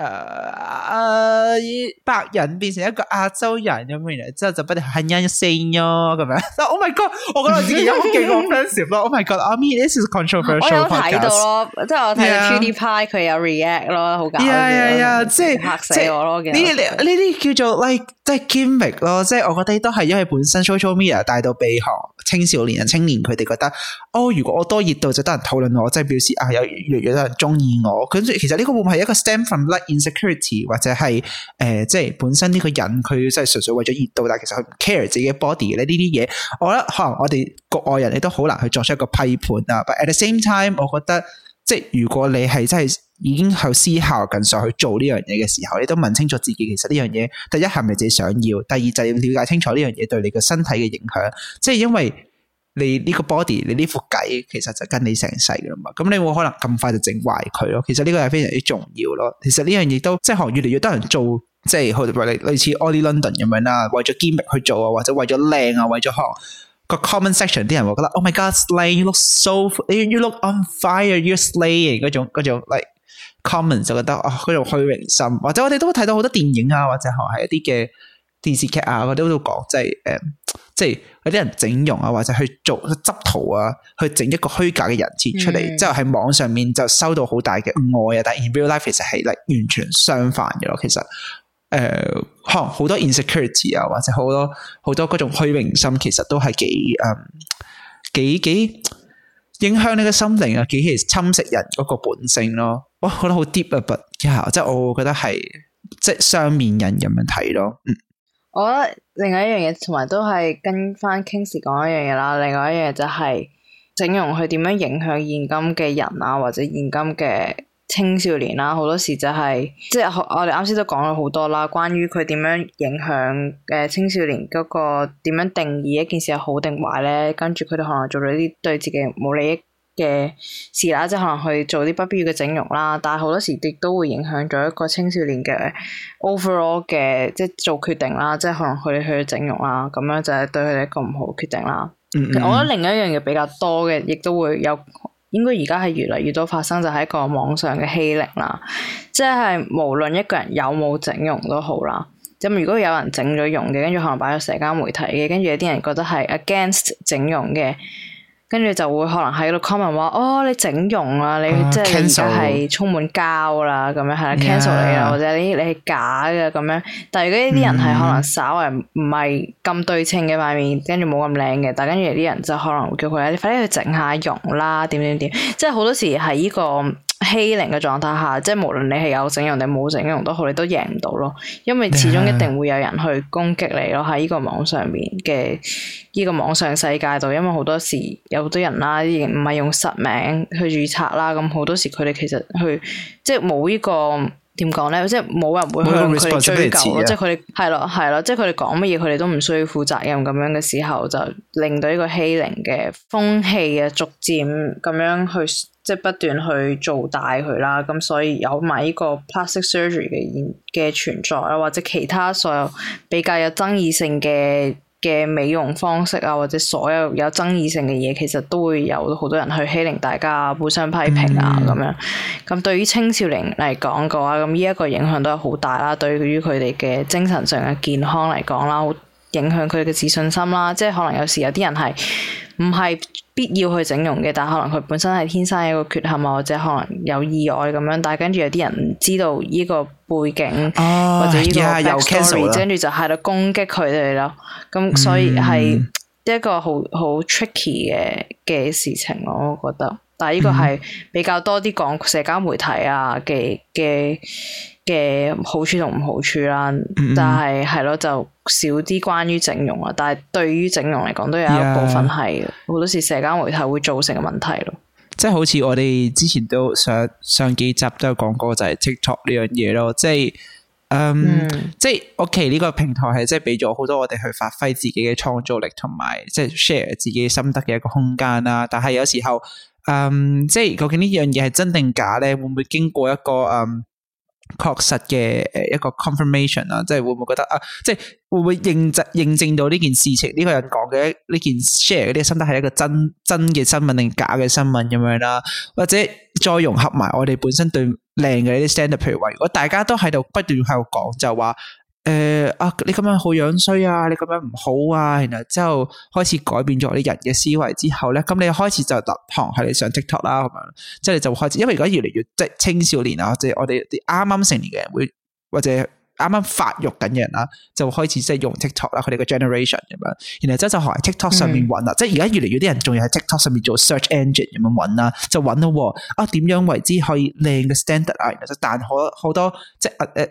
誒阿、uh, uh, 白人變成一個亞洲人咁樣，之後就不斷喊恩聲咯咁樣。Oh my god！我覺得自己已經幾好 concept 咯。Oh my god！阿咪，this is controversial。我有睇到咯， 即係我睇 TikTok 佢有 react 咯，好搞笑。係啊係啊，嚇死我咯，即係呢啲叫做 like。即係 gimmick 咯，即係、 就是、我覺得都係因為本身 social media 帶到鼻寒，青少年啊、青年佢哋覺得，哦、oh,，如果我多熱度就得人討論我，即係表示啊有越越多人中意我。跟住其實呢個會唔會係一個 stem from like insecurity，或者係誒、呃、即係本身呢個人佢真係純粹為咗熱度，但其實佢唔 care 自己 body 咧呢啲嘢。我覺得可能我哋國外人你都好難去作出一個批判啊。But at the same time，我覺得即係如果你係真係。已經去思考，跟上去做呢樣嘢嘅時候，你都問清楚自己，其實呢樣嘢第一係咪自己想要，第二就要、是、了解清楚呢樣嘢對你，身你個身體嘅影響。即係因為你呢個 body，你呢副偈其實就跟你成世噶啦嘛。咁你冇可能咁快就整壞佢咯。其實呢個係非常之重要咯。其實呢樣嘢都即係越嚟越多人做，即係好似類似 Ollie London 咁樣啦，為咗 gimmick 去做啊，或者為咗靚啊，為咗可能個 comment section 啲人會覺得 Oh my God, slay, you look so you look on fire, you slaying 嗰種 common 就覺得啊，嗰種虛榮心，或者我哋都睇到好多電影啊，或者係一啲嘅電視劇啊，我都都講，即係誒、呃，即係有啲人整容啊，或者去做執圖啊，去整一個虛假嘅人設出嚟，嗯、之後喺網上面就收到好大嘅愛啊，但係 in real life 其實係咧完全相反嘅咯。其實誒、呃，可能好多 insecurity 啊，或者好多好多嗰種虛榮心，其實都係幾誒、嗯、幾幾影響你嘅心靈啊，幾係侵蝕人嗰個本性咯、啊。我覺得好 deep 啊，不，即係我覺得係即係雙面人咁樣睇咯。嗯，我覺得另外一樣嘢，同埋都係跟翻 Kingsley 講一樣嘢啦。另外一樣嘢就係整容佢點樣影響現今嘅人啊，或者現今嘅青少年啦、啊。好多時就係即係我哋啱先都講咗好多啦，關於佢點樣影響誒青少年嗰個點樣定義一件事係好定壞咧。跟住佢哋可能做咗啲對自己冇利益嘅事啦，即係可能去做啲不必要嘅整容啦，但係好多時亦都會影響咗一個青少年嘅 overall 嘅即係做決定啦，即係可能佢去，去整容啦，咁樣就係對佢哋一個唔好嘅決定啦。嗯嗯，我覺得另一樣嘢比較多嘅，亦都會有，應該而家係越嚟越多發生，就係、是、一個網上嘅欺凌啦。即係無論一個人有冇整容都好啦，咁如果有人整咗容嘅，跟住可能擺咗社交媒體嘅，跟住有啲人覺得係 against 整容嘅。跟住就會可能喺度 comment 話，哦，你整容啊，你即係而家係充滿膠啦，咁樣係啦，cancel 你啊，樣 Yeah. 或者你你係假嘅咁樣。但係如果呢啲人係可能稍微唔係咁對稱嘅塊面，嗯、跟住冇咁靚嘅，但係跟住啲人就可能會叫佢，你快啲去整下容啦，點點點，即係好多時係呢、呢個。欺凌嘅狀態下，即係無論你係有整容定冇整容都好，你都贏唔到咯，因為始終一定會有人去攻擊你咯，喺呢個網上面嘅呢個網上世界度，因為好多時有好多人啦，已經唔係用實名去注冊啦，咁好多時佢哋其實去即係冇呢個。點講咧？即係冇人會去幫佢追究、啊、即係佢哋係咯係咯。即係佢哋講乜嘢，佢哋都唔需要負責任咁樣嘅時候，就令到呢個欺凌嘅風氣啊，逐漸咁樣去即係不斷去做大佢啦。咁所以有埋呢個 plastic surgery 嘅現嘅存在啊，或者其他所有比較有爭議性嘅。嘅美容方式啊，或者所有有爭議性嘅嘢，其實都會有好多人去欺凌大家啊，互相批評啊咁樣。咁對於青少年嚟講嘅話，咁呢一個影響都係好大啦。對於佢哋嘅精神上嘅健康嚟講啦，好影響佢嘅自信心啦，即係可能有時有啲人係。唔係必要去整容嘅，但可能佢本身係天生有個缺陷啊，或者可能有意外咁樣，但跟住有啲人唔知道呢個背景，oh, 或者呢個 backstory 跟住就喺度攻擊佢哋咯。咁、嗯、所以係一個好好 tricky 嘅嘅事情咯，我覺得。但呢個係比較多啲講社交媒體啊嘅嘅。嘅好處同唔好處啦，但係係咯就少啲關於整容啦。但係對於整容嚟講，都有一部分係好多時社交媒體會造成嘅問題咯。即係好似我哋之前都上上幾集都有講過，就係 TikTok 呢樣嘢咯。即係，嗯，嗯即係 OK 呢個平台係即係俾咗好多我哋去發揮自己嘅創造力，同埋即係 share 自己心得嘅一個空間啦。但係有時候，嗯，即係究竟呢樣嘢係真定假咧？會唔會經過一個嗯？確實嘅誒一個 confirmation 啦，即係會唔會覺得啊，即係會唔會認證、認證到呢件事情，呢、這個人講嘅呢件 share 啲新聞係一個真真嘅新聞定假嘅新聞咁樣啦，或者再融合埋我哋本身對靚嘅呢啲 standard，譬如話，如果大家都喺度不斷喺度講就話。誒，啊，你咁樣好樣衰啊，你咁樣唔好啊，然後之後開始改變咗啲人嘅思維之後咧，咁你開始就獨行喺你上 TikTok 啦，咁樣，即係就會開始，因為而家越嚟越即係青少年啊，即係我哋啲啱啱成年嘅人會，或者啱啱發育緊嘅人啦，就會開始即係用 TikTok 啦，佢哋個 generation 咁樣，然後之後就學喺 TikTok 上面揾啦，即係而家越嚟越啲人仲要喺 TikTok 上面做 search engine 咁樣揾啦，就揾到啊點樣為之可以靚嘅 standard，但好好多即係誒。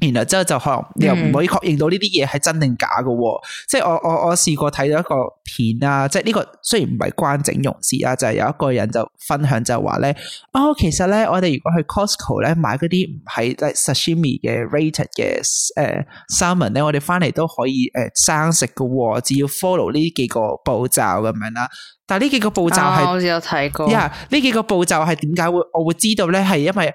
然後之後就可能又唔可以確認到呢啲嘢係真定假嘅、哦？嗯、即係我我我試過睇到一個片啊，即係呢個雖然唔係關整容事啊，就係、是、有一個人就分享就話咧，哦，其實咧我哋如果去 Costco 咧買嗰啲唔係即係 sashimi 嘅 rated 嘅誒 salmon 咧，我哋翻嚟都可以誒生食嘅、哦，只要 follow 呢幾個步驟咁樣啦。但係呢幾個步驟係、哦、我有睇過。啊，呢幾個步驟係點解會我會知道咧？係因為。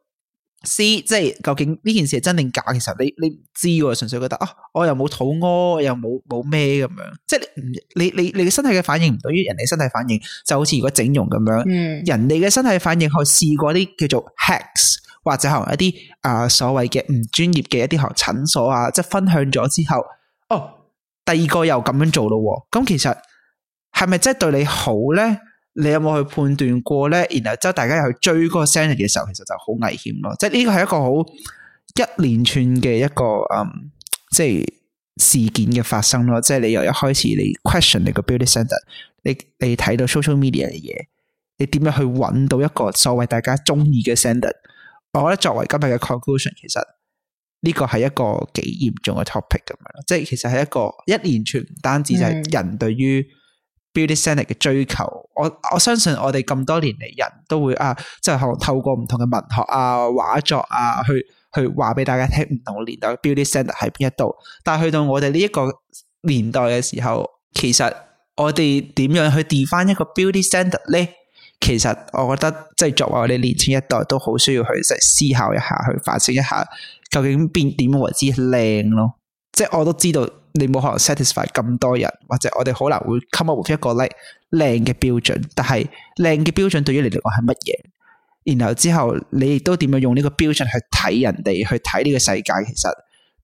C，即係究竟呢件事係真定假？其實你你唔知喎、啊，純粹覺得啊，我又冇肚屙，又冇冇咩咁樣。即係你你你你嘅身體嘅反應唔等於人哋身體反應，就好似如果整容咁樣。嗯，人哋嘅身體反應去試過啲叫做 hacks 或者行一啲啊、呃、所謂嘅唔專業嘅一啲行診所啊，即係分享咗之後，哦，第二個又咁樣做咯、啊。咁、嗯、其實係咪真係對你好咧？你有冇去判斷過咧？然後即大家又追嗰個 standard 嘅時候，其實就好危險咯。即係呢個係一個好一連串嘅一個嗯，即係事件嘅發生咯。即係你由一開始你 question 你個 beauty standard，你你睇到 social media 嘅嘢，你點樣去揾到一個所謂大家中意嘅 standard？我覺得作為今日嘅 conclusion，其實呢個係一個幾嚴重嘅 topic 咁樣。即係其實係一個一連串，唔單止就係人對於、嗯。Beauty center 嘅追求，我我相信我哋咁多年嚟人都會啊，即係可能透過唔同嘅文學啊、畫作啊，去去話俾大家聽唔同嘅年代嘅 Beauty centre 喺邊一度。但係去到我哋呢一個年代嘅時候，其實我哋點樣去 define 翻一個 Beauty centre 咧？其實我覺得即係、就是、作為我哋年輕一代，都好需要去即思考一下，去反省一下究竟變點為之靚咯。即係我都知道。你冇可能 satisfy 咁多人，或者我哋好難會 come up with 一個 like 靚嘅標準，但係靚嘅標準對於你嚟講係乜嘢？然後之後你亦都點樣用呢個標準去睇人哋，去睇呢個世界，其實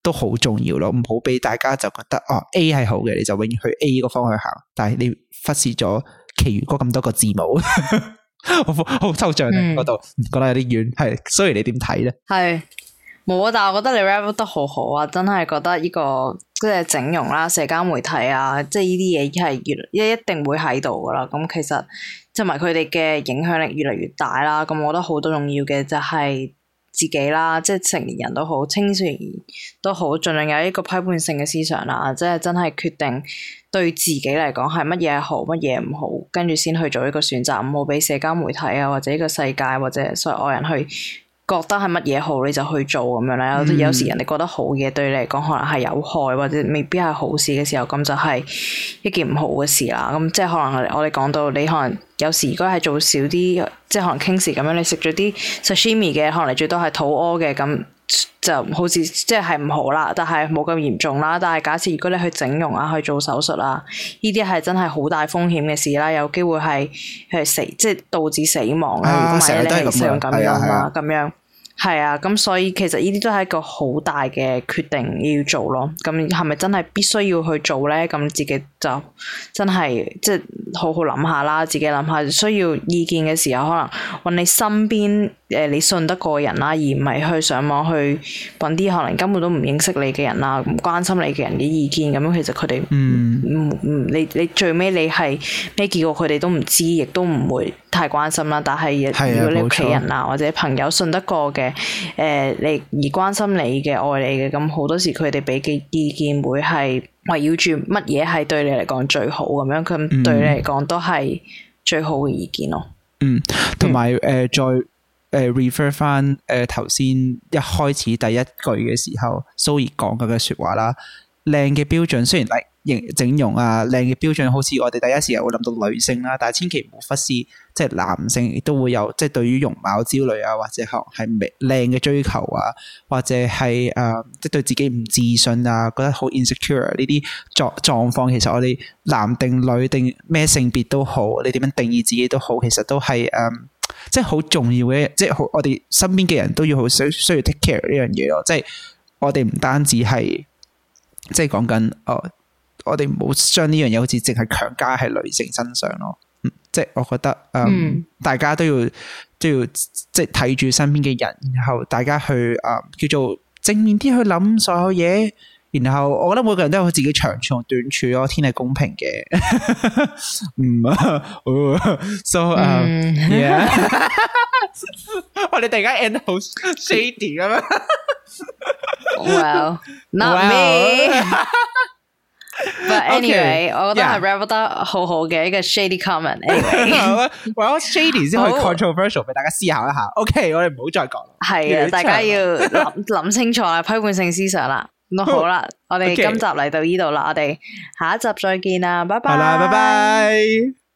都好重要咯。唔好俾大家就覺得哦、啊、A 係好嘅，你就永遠去 A 個方向行，但係你忽視咗其餘嗰咁多個字母， 好，好抽象嗰、啊、度、嗯，覺得有啲遠。係，所以你點睇咧？係。冇啊！但係我覺得你 rap 得好好啊，真係覺得呢、這個即係、就是、整容啦、社交媒體啊，即係呢啲嘢係越一一定會喺度噶啦。咁其實，同埋佢哋嘅影響力越嚟越大啦。咁我覺得好多重要嘅就係自己啦，即係成年人都好、青少年都好，儘量有一個批判性嘅思想啦。即係真係決定對自己嚟講係乜嘢好、乜嘢唔好，跟住先去做一個選擇，唔好俾社交媒體啊或者呢個世界或者所有人去。覺得係乜嘢好你就去做咁樣啦。嗯、有時人哋覺得好嘅，對你嚟講可能係有害或者未必係好事嘅時候，咁就係一件唔好嘅事啦。咁即係可能我哋講到你可能有時如果係做少啲，即係可能傾時咁樣，你食咗啲 sashimi 嘅，可能你最多係肚屙嘅咁。就好似即係唔好啦，但係冇咁嚴重啦。但係假設如果你去整容啊，去做手術啊，呢啲係真係好大風險嘅事啦，有機會係係死，即係導致死亡啦。啊、如果咧你使用咁樣啦，咁樣係啊，咁、啊啊啊、所以其實呢啲都係一個好大嘅決定要做咯。咁係咪真係必須要去做咧？咁自己就真係即係好好諗下啦。自己諗下需要意見嘅時候，可能揾你身邊。誒，你信得過人啦，而唔係去上網去揾啲可能根本都唔認識你嘅人啦，唔關心你嘅人嘅意見咁樣，其實佢哋，嗯，唔唔，你你最尾你係咩結果？佢哋都唔知，亦都唔會太關心啦。但係如果你屋企人啊，錯或者朋友信得過嘅，誒、呃，你而關心你嘅愛你嘅，咁好多時佢哋俾嘅意見會係圍繞住乜嘢係對你嚟講最好咁樣，咁對你嚟講都係最好嘅意見咯。嗯，同埋誒再。誒、uh, refer 翻誒頭先一開始第一句嘅時候，Zoe 講咁嘅説話啦。靚嘅標準雖然誒整容啊，靚嘅標準好似我哋第一時間會諗到女性啦、啊，但係千祈唔好忽視，即、就、係、是、男性亦都會有即係、就是、對於容貌焦慮啊，或者係靚嘅追求啊，或者係誒即係對自己唔自信啊，覺得好 insecure 呢、啊、啲狀狀況，其實我哋男定女定咩性別都好，你點樣定義自己都好，其實都係誒。Um, 即係好重要嘅，即係好我哋身邊嘅人都要好需需要 take care 呢樣嘢咯。即係我哋唔單止係即係講緊哦，我哋唔好將呢樣嘢好似淨係強加喺女性身上咯。即係我覺得、呃、嗯，大家都要都要即係睇住身邊嘅人，然後大家去啊、呃、叫做正面啲去諗所有嘢。然後我覺得每個人都有自己長處短處咯，天係公平嘅。唔啊，so 啊，yeah，我哋突然間 end 好 shady 啊嘛。Well，not me。But anyway，我覺得係 rap 得好好嘅一個 shady comment。Well，shady 先可以 controversial 俾大家思考一下。OK，我哋唔好再講。係啊，大家要諗諗清楚啦，批判性思想啦。咁好啦，我哋今集嚟到呢度啦，Okay. 我哋下一集再見啦，拜拜。好啦，拜拜。